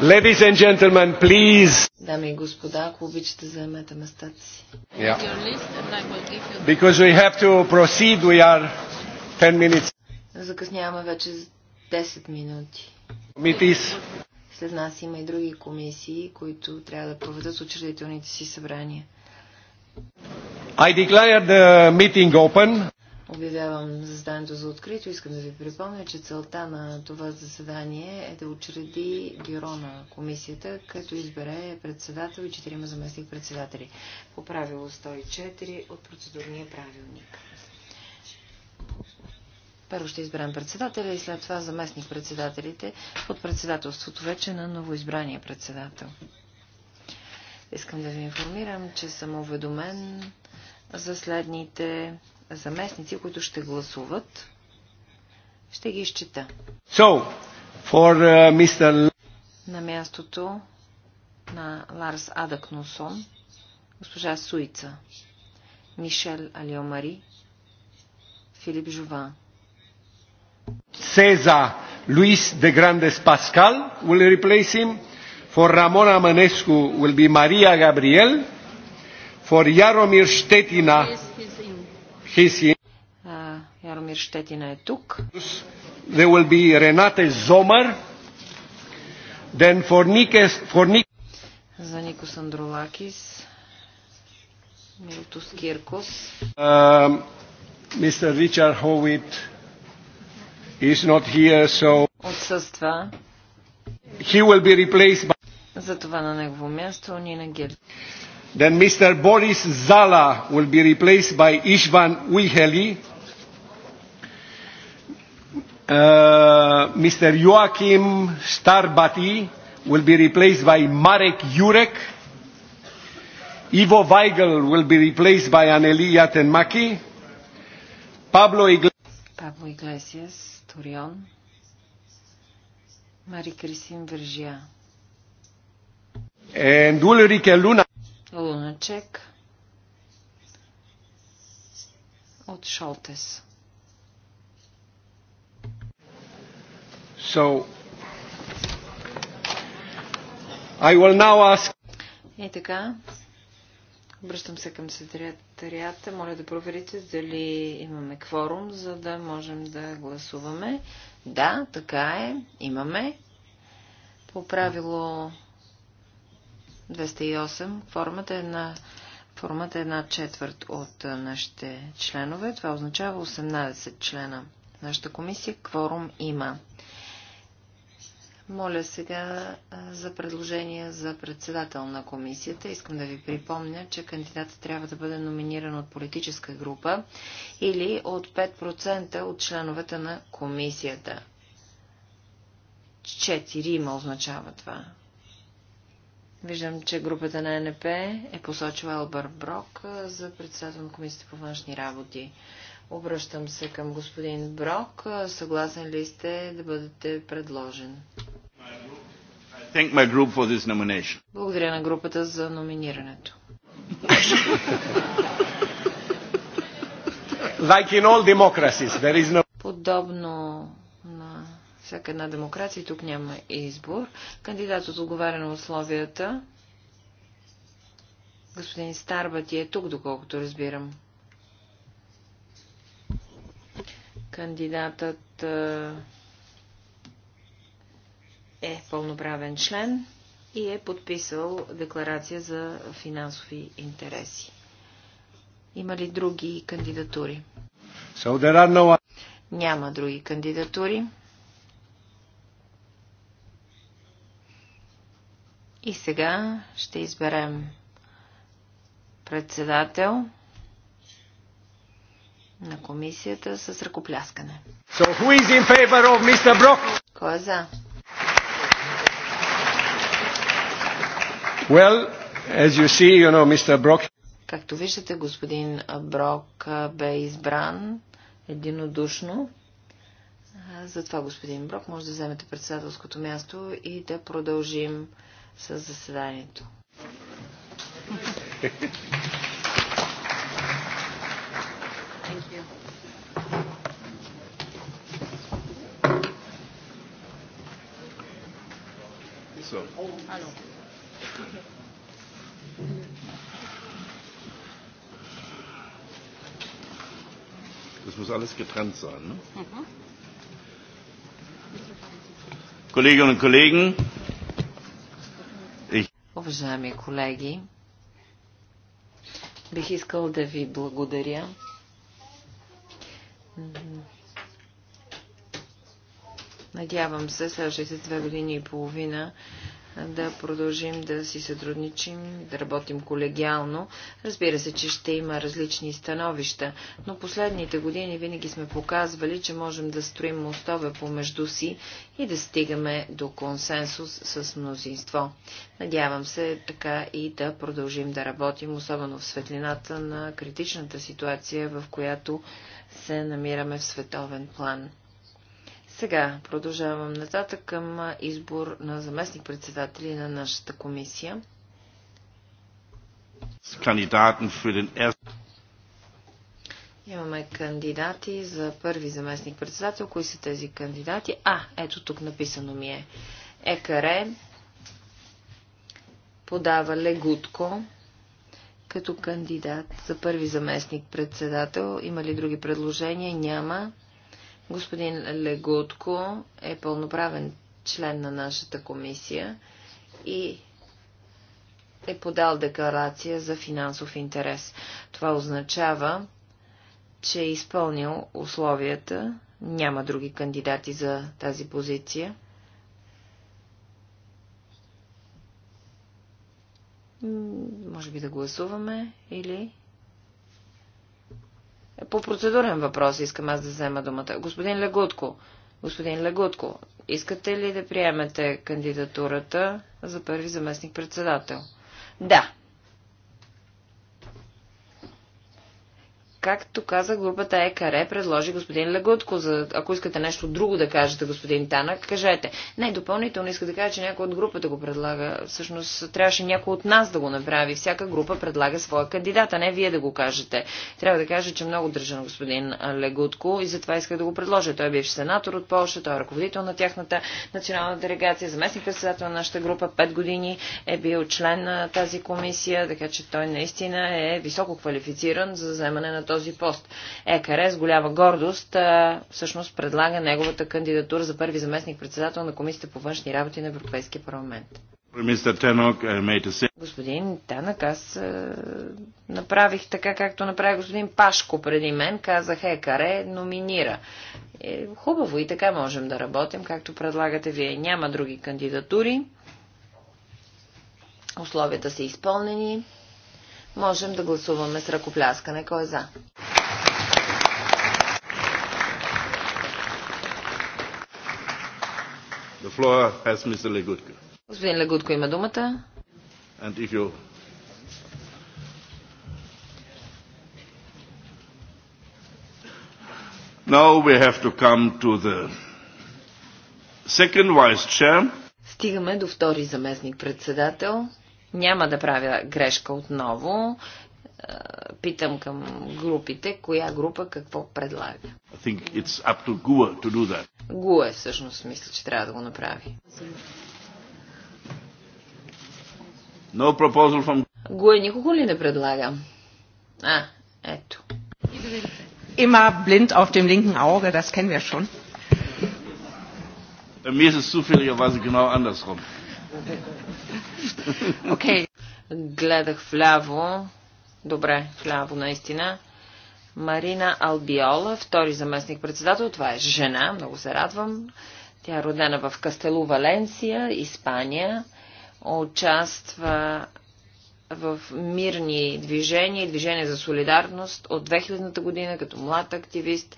Ladies and gentlemen, please. Дами и господа, ако обичате, заемете местата си. Yeah. Because we have to proceed, we are 10 minutes. Закъсняваме вече 10 минути. Committees. След нас има и други комисии, които трябва да проведат учредителните си събрания. I declare the meeting open. Обявявам заседанието за открито. Искам да ви припомня, че целта на това заседание е да учреди бюро на комисията, като избере председател и четирима заместник председатели по правило 104 от процедурния правилник. Първо ще изберем председателя и след това заместник председателите под председателството вече на новоизбрания председател. Искам да ви информирам, че съм уведомен за следните заместници, които ще гласуват, ще ги изчита. So, for, uh, Mr. На мястото на Ларс Адакносон, госпожа Суица, Мишел Алиомари, Филип Жуван. Сеза Луис де Грандес Паскал will replace him. For Ramona Manescu will be Maria Gabriel. For Jaromir Штетина... Ярмир Штетина е тук. There will be Renate Zomer, then Fornike, Fornike. За Нико Сандролакис, Милтус Киркос. Мистер Ричард Ховит is not here, so... Отсъства. He will be replaced by... За това на негово място Нина Гелик. Then Mr. Boris Zala will be replaced by Ishvan Wiheli. Uh, Mr. Joachim Starbati will be replaced by Marek Jurek. Ivo Weigel will be replaced by Anneli Yatenmaki. Pablo Iglesias. Пабло Иглесиас, Торион, Мари Крисин Вържия. And Ulrike Luna Луначек от Шолтес. So, I will now ask... И така, обръщам се към секретарията. Моля да проверите дали имаме кворум, за да можем да гласуваме. Да, така е, имаме. По правило 208. Формата е на формата е една четвърт от нашите членове. Това означава 18 члена. Нашата комисия кворум има. Моля сега за предложение за председател на комисията. Искам да ви припомня, че кандидатът трябва да бъде номиниран от политическа група или от 5% от членовете на комисията. Четирима означава това. Виждам, че групата на НП е посочила Елбър Брок за председател на Комисията по външни работи. Обръщам се към господин Брок. Съгласен ли сте да бъдете предложен? Благодаря на групата за номинирането. Like no... Подобно всяка една демокрация, тук няма избор. Кандидатът отговаря на условията. Господин Старбати е тук, доколкото разбирам. Кандидатът е пълноправен член и е подписал декларация за финансови интереси. Има ли други кандидатури? Няма други кандидатури. И сега ще изберем председател на комисията с ръкопляскане. So who is in favor of Mr. Brock? Кой е за? Well, as you see, you know, Mr. Brock... Както виждате, господин Брок бе избран единодушно. Затова, господин Брок, може да вземете председателското място и да продължим с заседанието. Das muss alles getrennt sein. Ne? Mhm. Kolleginnen und Kollegen, Уважаеми колеги, бих искал да ви благодаря Надявам се, следващите две години и половина да продължим да си сътрудничим, да работим колегиално. Разбира се, че ще има различни становища, но последните години винаги сме показвали, че можем да строим мостове помежду си и да стигаме до консенсус с мнозинство. Надявам се така и да продължим да работим, особено в светлината на критичната ситуация, в която се намираме в световен план. Сега продължавам нататък към избор на заместник-председатели на нашата комисия. Имаме кандидати за първи заместник-председател. Кои са тези кандидати? А, ето тук написано ми е. Екаре подава Легутко като кандидат за първи заместник-председател. Има ли други предложения? Няма. Господин Легутко е пълноправен член на нашата комисия и е подал декларация за финансов интерес. Това означава, че е изпълнил условията, няма други кандидати за тази позиция. Може би да гласуваме или по процедурен въпрос искам аз да взема думата. Господин Легутко, господин Легутко, искате ли да приемете кандидатурата за първи заместник-председател? Да. Както каза, групата ЕКАРЕ предложи господин Легутко. За, ако искате нещо друго да кажете, господин Танък, кажете. Не, допълнително иска да кажа, че някой от групата го предлага. Всъщност трябваше някой от нас да го направи. Всяка група предлага своя кандидат, а не вие да го кажете. Трябва да кажа, че много държа на господин Легутко и затова исках да го предложа. Той беше сенатор от Польша, той е ръководител на тяхната национална делегация, заместник председател на нашата група, Пет години е бил член на тази комисия, така че той наистина е високо квалифициран за вземане на този този пост. ЕКРС, с голяма гордост всъщност предлага неговата кандидатура за първи заместник-председател на Комисията по външни работи на Европейския парламент. Е, господин Танък, аз е, направих така, както направи господин Пашко преди мен. Казах, Екаре номинира. Е, хубаво и така можем да работим, както предлагате вие. Няма други кандидатури. Условията са изпълнени. Можем да гласуваме с ръкопляскане. Кой е за? The floor has Mr. Legutko. Господин Легутко има думата. And if you... Now we have to come to the second vice chair. Стигаме до втори заместник председател. Няма да правя грешка отново. Е, питам към групите, коя група какво предлага. Гуа, всъщност мисля, че трябва да го направи. No proposal from... Гуе никого ли не предлага? А, ето. Има blind auf dem linken Auge, das kennen wir schon. Bei mir ist es zufälligerweise genau andersrum. Okay. Гледах вляво. Добре, вляво наистина. Марина Албиола, втори заместник председател. Това е жена, много се радвам. Тя е родена в Кастелу, Валенсия, Испания. Участва в мирни движения и движения за солидарност от 2000-та година като млад активист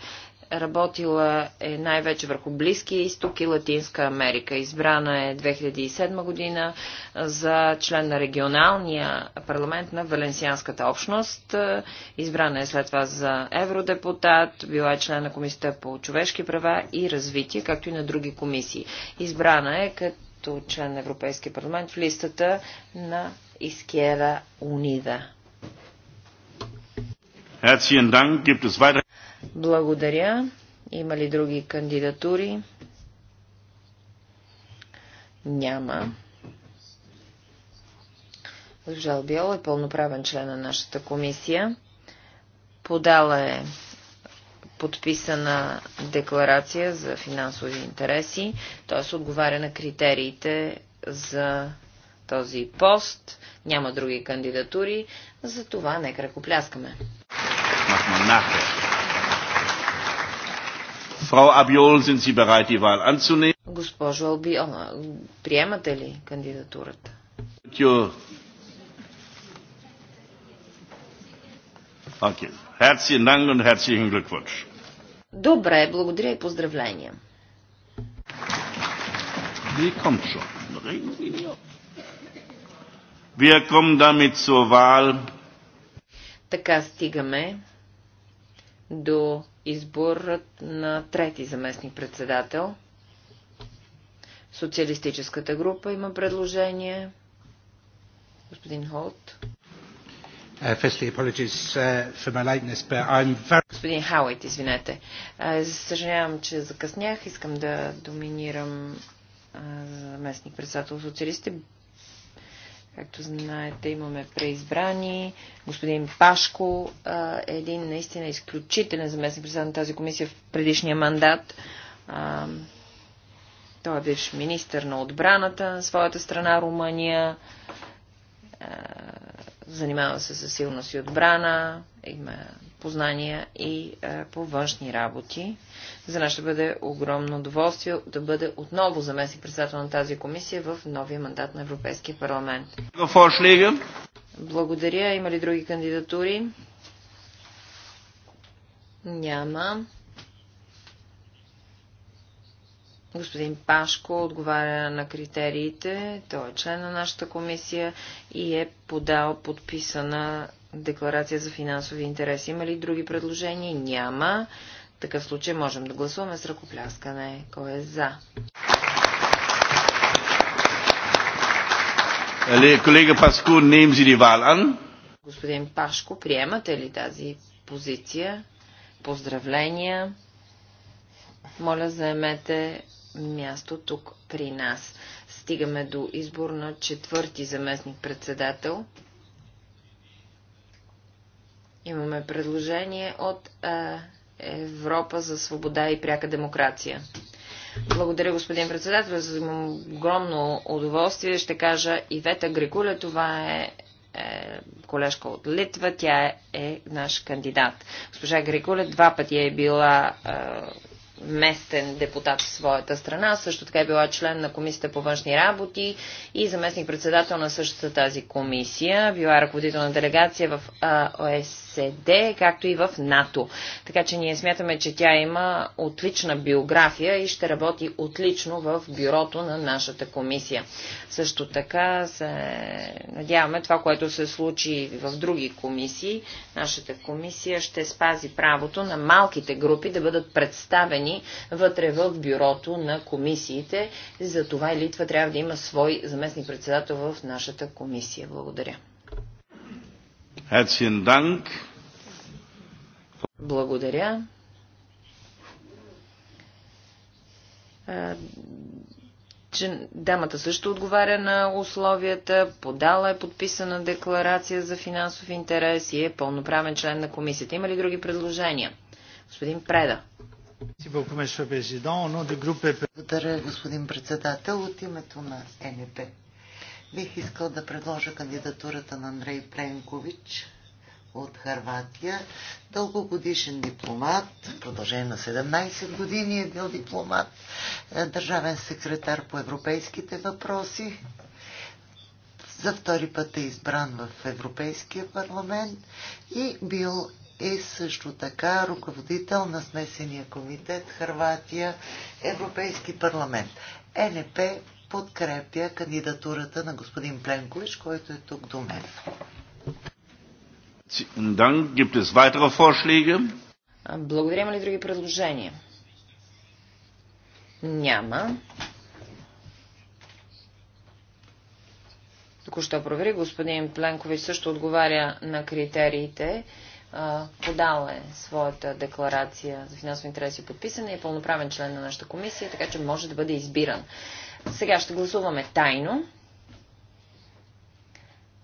работила е най-вече върху Близкия изток и Латинска Америка. Избрана е 2007 година за член на регионалния парламент на Валенсианската общност. Избрана е след това за евродепутат, била е член на Комисията по човешки права и развитие, както и на други комисии. Избрана е като член на Европейския парламент в листата на Изкера Унида. Herzlichen Dank. Gibt es weitere? Благодаря. Има ли други кандидатури? Няма. Жал Биол е пълноправен член на нашата комисия. Подала е подписана декларация за финансови интереси, т.е. отговаря на критериите за този пост. Няма други кандидатури, за това нека ръкопляскаме. Frau Abiol, sind Sie bereit, die Wahl anzunehmen? Госпожо Албиол, приемате ли кандидатурата? Okay. Herzlichen Dank und herzlichen Glückwunsch. Добре, благодаря и поздравления. Die kommt schon. Wir kommen damit zur Wahl. Така стигаме до изборът на трети заместник-председател. Социалистическата група има предложение. Господин Холт. Uh, uh, Господин Хауит, извинете. Съжалявам, че закъснях. Искам да доминирам заместник председател социалистите. Както знаете, имаме преизбрани. Господин Пашко е един наистина изключителен заместник председател на тази комисия в предишния мандат. Той е бивш министър на отбраната на своята страна Румъния. Занимава се със силност и отбрана. Има познания и е, по външни работи. За нас ще бъде огромно удоволствие да бъде отново заместник председател на тази комисия в новия мандат на Европейския парламент. Благодаря. Има ли други кандидатури? Няма. Господин Пашко отговаря на критериите. Той е член на нашата комисия и е подал подписана декларация за финансови интереси. Има ли други предложения? Няма. В такъв случай можем да гласуваме с ръкопляскане. Кой е за? Е, колега Паско, нем си валан. Господин Пашко, приемате ли тази позиция? Поздравления. Моля, заемете място тук при нас. Стигаме до избор на четвърти заместник председател. Имаме предложение от а, Европа за свобода и пряка демокрация. Благодаря, господин председател. За огромно удоволствие ще кажа Ивета Грикуля. Това е, е колежка от Литва. Тя е, е наш кандидат. Госпожа Грикуля два пъти е била е, местен депутат в своята страна. Също така е била член на Комисията по външни работи и заместник-председател на същата тази комисия. Била е ръководител на делегация в ОСД, е както и в НАТО. Така че ние смятаме, че тя има отлична биография и ще работи отлично в бюрото на нашата комисия. Също така се надяваме това, което се случи в други комисии. Нашата комисия ще спази правото на малките групи да бъдат представени разпределени вътре в бюрото на комисиите. За това и Литва трябва да има свой заместник председател в нашата комисия. Благодаря. Благодаря. че дамата също отговаря на условията, подала е подписана декларация за финансов интерес и е пълноправен член на комисията. Има ли други предложения? Господин Преда. E. Благодаря, господин председател. От името на НП бих искал да предложа кандидатурата на Андрей Пленкович от Харватия. Дългогодишен дипломат, в продължение на 17 години е бил дипломат, е, държавен секретар по европейските въпроси. За втори път е избран в Европейския парламент и бил и също така руководител на смесения комитет Харватия Европейски парламент. Е НП подкрепя кандидатурата на господин Пленкович, който е тук до мен. Благодаря. Има ли други предложения? Няма. Току-що провери, господин Пленкович също отговаря на критериите подал е своята декларация за финансови интереси подписана и е пълноправен член на нашата комисия, така че може да бъде избиран. Сега ще гласуваме тайно.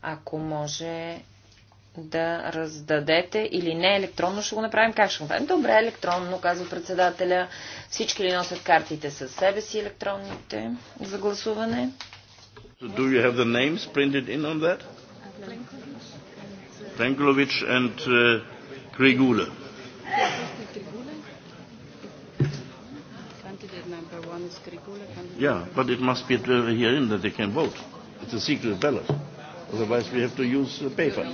Ако може да раздадете или не електронно ще го направим. Как ще го направим? Добре, електронно, казва председателя. Всички ли носят картите със себе си, електронните, за гласуване? do you have the names printed in on that? Plenkovic and uh, Grigule. Yeah, but it must be uh, here in that they can vote. It's a secret ballot. Otherwise, we have to use uh, paper.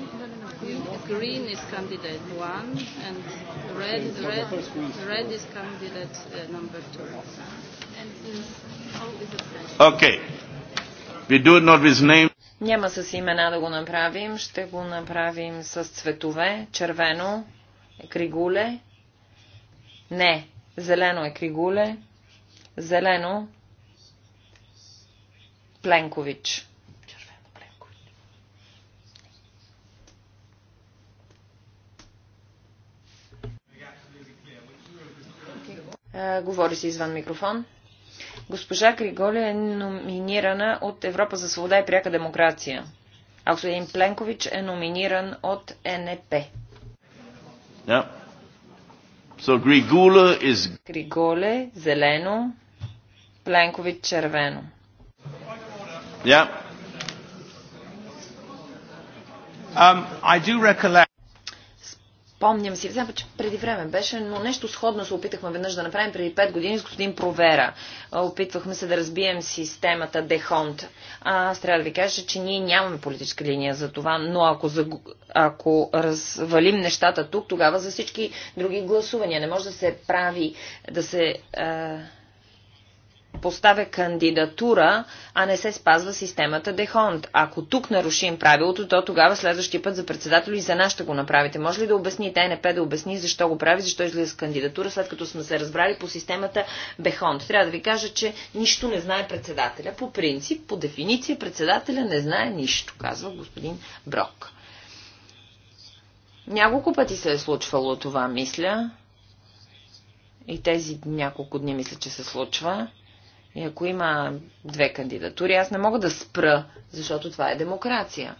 Green is candidate one, and red, red, red is candidate uh, number two. And, uh, how is it okay. We do it not with names. Няма с имена да го направим. Ще го направим с цветове. Червено е кригуле. Не, зелено е кригуле. Зелено Пленкович. Червено Пленкович. Е, говори си извън микрофон. Госпожа Григоли е номинирана от Европа за свобода и пряка демокрация. А господин Пленкович е номиниран от НП. Yeah. So, is... Григоле зелено, Пленкович червено. Yeah. Um, I do recollect... Помням си, знам, че преди време беше, но нещо сходно се опитахме веднъж да направим преди 5 години с господин Провера. Опитвахме се да разбием системата Дехонт. Аз трябва да ви кажа, че ние нямаме политическа линия за това, но ако, за... ако развалим нещата тук, тогава за всички други гласувания не може да се прави, да се... А поставя кандидатура, а не се спазва системата Дехонт. Ако тук нарушим правилото, то тогава следващия път за председател и за нас ще го направите. Може ли да обясните НП да обясни защо го прави, защо излиза с кандидатура, след като сме се разбрали по системата Бехонт? Трябва да ви кажа, че нищо не знае председателя. По принцип, по дефиниция, председателя не знае нищо, казва господин Брок. Няколко пъти се е случвало това, мисля. И тези няколко дни мисля, че се случва. И ако има две кандидатури, аз не мога да спра, защото това е демокрация.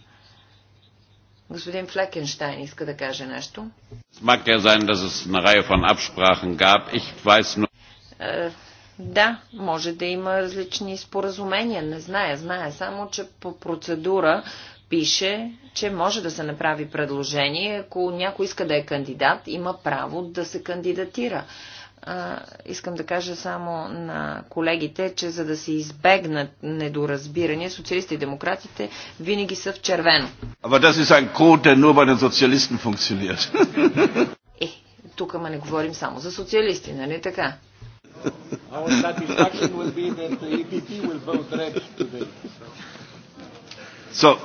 Господин Флекенштайн иска да каже нещо. Е, да, може да има различни споразумения, не зная. Зная само, че по процедура пише, че може да се направи предложение. Ако някой иска да е кандидат, има право да се кандидатира а, искам да кажа само на колегите, че за да се избегнат недоразбирания, социалисти и демократите винаги са в червено. Aber das ist ein Code, nur bei den Sozialisten funktioniert. е, тук ама не говорим само за социалисти, нали така? E so,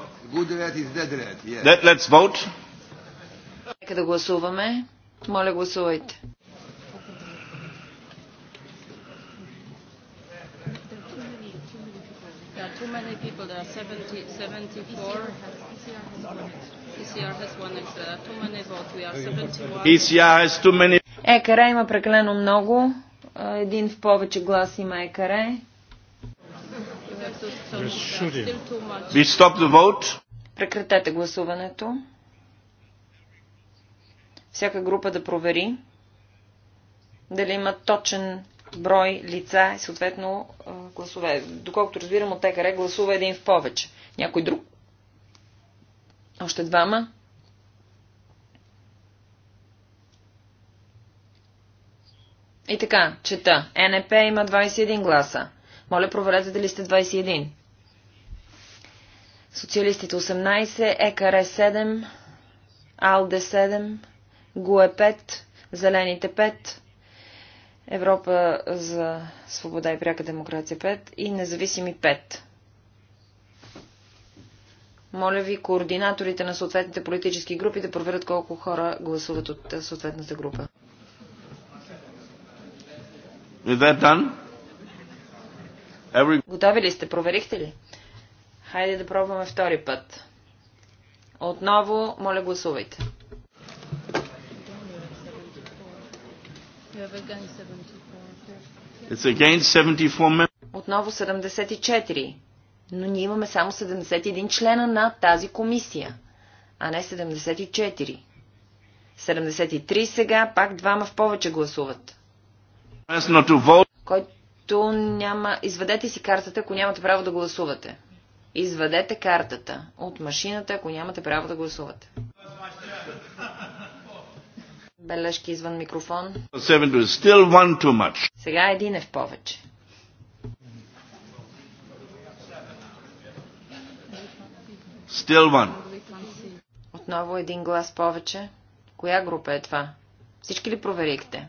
Let, let's vote. Нека да гласуваме. Моля, гласувайте. too many people. There are 70, 74. ECR has one extra. There are too many votes. We are 71. ECR has too many. Екаре има преклено много. Един в повече глас има Екаре. We stop the vote. Прекратете гласуването. Всяка група да провери дали има точен брой лица и съответно гласове. Доколкото разбирам от ТКР, гласува един в повече. Някой друг? Още двама? И така, чета. НП има 21 гласа. Моля, проверете дали сте 21. Социалистите 18, ЕКР 7, АЛДЕ 7, ГУЕ 5, Зелените 5, Европа за свобода и пряка демокрация 5 и независими 5. Моля ви, координаторите на съответните политически групи да проверят колко хора гласуват от е, съответната група. Every... Готови ли сте? Проверихте ли? Хайде да пробваме втори път. Отново, моля гласувайте. Отново 74. Но ние имаме само 71 члена на тази комисия, а не 74. 73 сега, пак двама в повече гласуват. Който няма... Извадете си картата, ако нямате право да гласувате. Извадете картата от машината, ако нямате право да гласувате. Бележки извън микрофон. Сега един е в повече. Still one. Отново един глас повече. Коя група е това? Всички ли проверихте?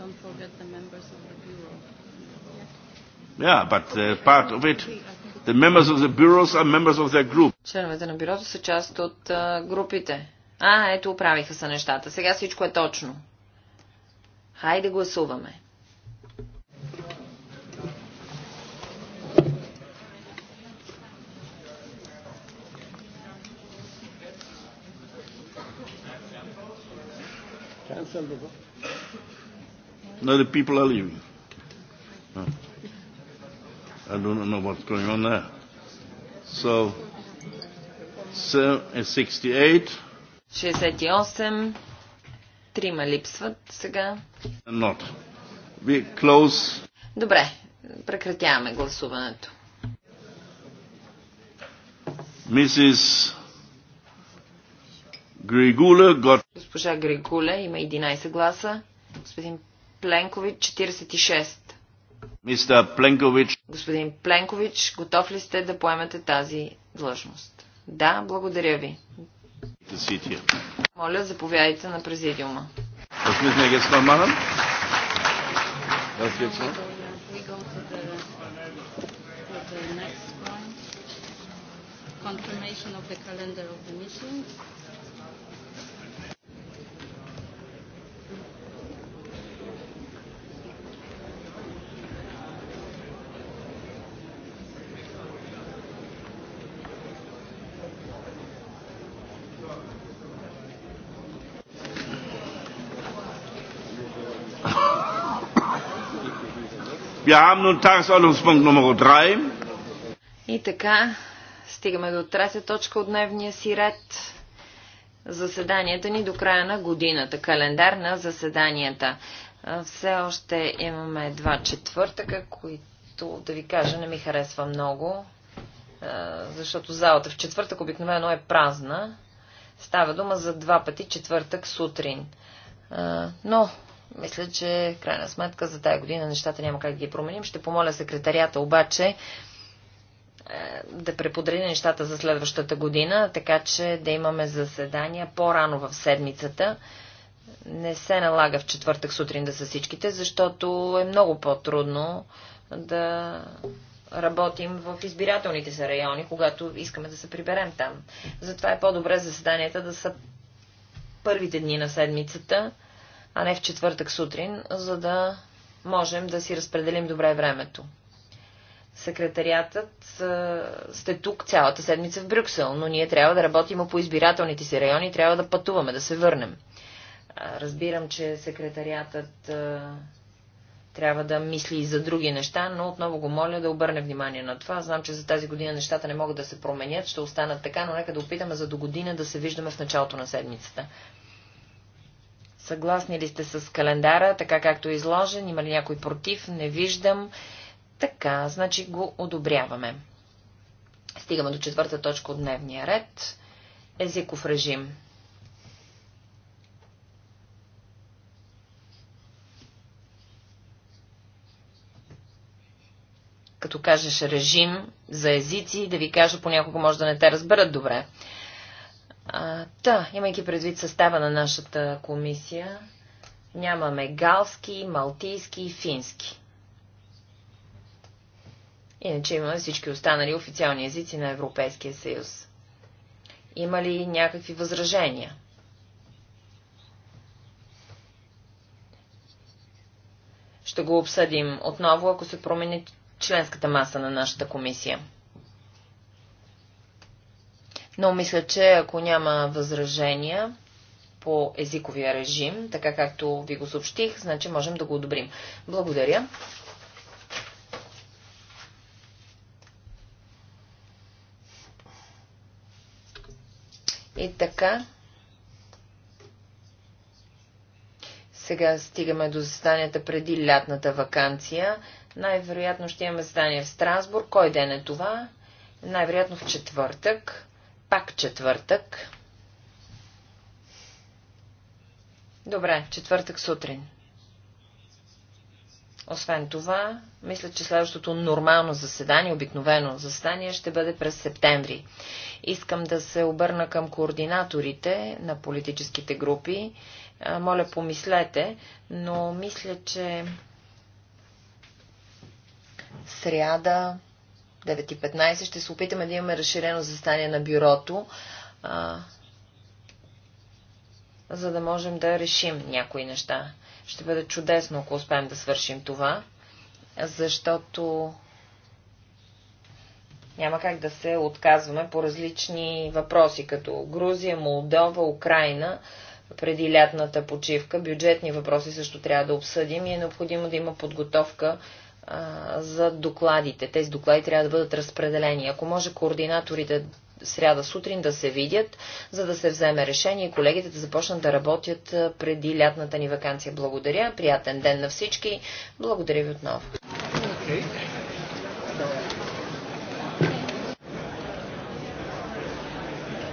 Don't forget the members of the bureau. Yeah, but uh, part of it The members of the bureaus are members of their group. Членовете на бюрото са част от uh, групите. А, ето, оправиха са нещата. Сега всичко е точно. Хайде гласуваме. Now the people are leaving. I do not know what's going on there. So, 68. 68. Eh, Трима липсват сега. Not. We close. Добре, прекратяваме гласуването. Mrs. Григуля got... Госпожа Григуля има 11 гласа. Господин Пленкович 46. Мистер Пленкович. Господин Пленкович, готов ли сте да поемете тази длъжност? Да, благодаря ви. Моля, заповядайте на президиума. Confirmation of the calendar of the meetings. Wir haben nun Tagesordnungspunkt Nummer 3. И така, стигаме до трета точка от дневния си ред. Заседанията ни до края на годината, календар на заседанията. Все още имаме два четвъртъка, които, да ви кажа, не ми харесва много, защото залата в четвъртък обикновено е празна. Става дума за два пъти четвъртък сутрин. Но мисля, че в крайна сметка за тая година нещата няма как да ги променим. Ще помоля секретарията обаче е, да преподреди нещата за следващата година, така че да имаме заседания по-рано в седмицата. Не се налага в четвъртък сутрин да са всичките, защото е много по-трудно да работим в избирателните се райони, когато искаме да се приберем там. Затова е по-добре заседанията да са първите дни на седмицата а не в четвъртък сутрин, за да можем да си разпределим добре времето. Секретариатът сте тук цялата седмица в Брюксел, но ние трябва да работим по избирателните си райони, трябва да пътуваме, да се върнем. Разбирам, че секретариатът трябва да мисли и за други неща, но отново го моля да обърне внимание на това. Знам, че за тази година нещата не могат да се променят, ще останат така, но нека да опитаме за до година да се виждаме в началото на седмицата. Съгласни ли сте с календара, така както е изложен? Има ли някой против? Не виждам. Така, значи го одобряваме. Стигаме до четвърта точка от дневния ред. Езиков режим. Като кажеш режим за езици, да ви кажа, понякога може да не те разберат добре. А, та, имайки предвид състава на нашата комисия, нямаме галски, малтийски и фински. Иначе имаме всички останали официални езици на Европейския съюз. Има ли някакви възражения? Ще го обсъдим отново, ако се промени членската маса на нашата комисия. Но мисля, че ако няма възражения по езиковия режим, така както ви го съобщих, значи можем да го одобрим. Благодаря. И така. Сега стигаме до застанията преди лятната вакансия. Най-вероятно ще имаме заседание в Страсбург. Кой ден е това? Най-вероятно в четвъртък. Пак четвъртък. Добре, четвъртък сутрин. Освен това, мисля, че следващото нормално заседание, обикновено заседание, ще бъде през септември. Искам да се обърна към координаторите на политическите групи. Моля, помислете, но мисля, че сряда 9.15 ще се опитаме да имаме разширено застание на бюрото, а, за да можем да решим някои неща. Ще бъде чудесно, ако успеем да свършим това, защото няма как да се отказваме по различни въпроси, като Грузия, Молдова, Украина, преди лятната почивка. Бюджетни въпроси също трябва да обсъдим и е необходимо да има подготовка за докладите. Тези доклади трябва да бъдат разпределени. Ако може координаторите сряда сутрин да се видят, за да се вземе решение и колегите да започнат да работят преди лятната ни вакансия. Благодаря. Приятен ден на всички. Благодаря ви отново. Okay.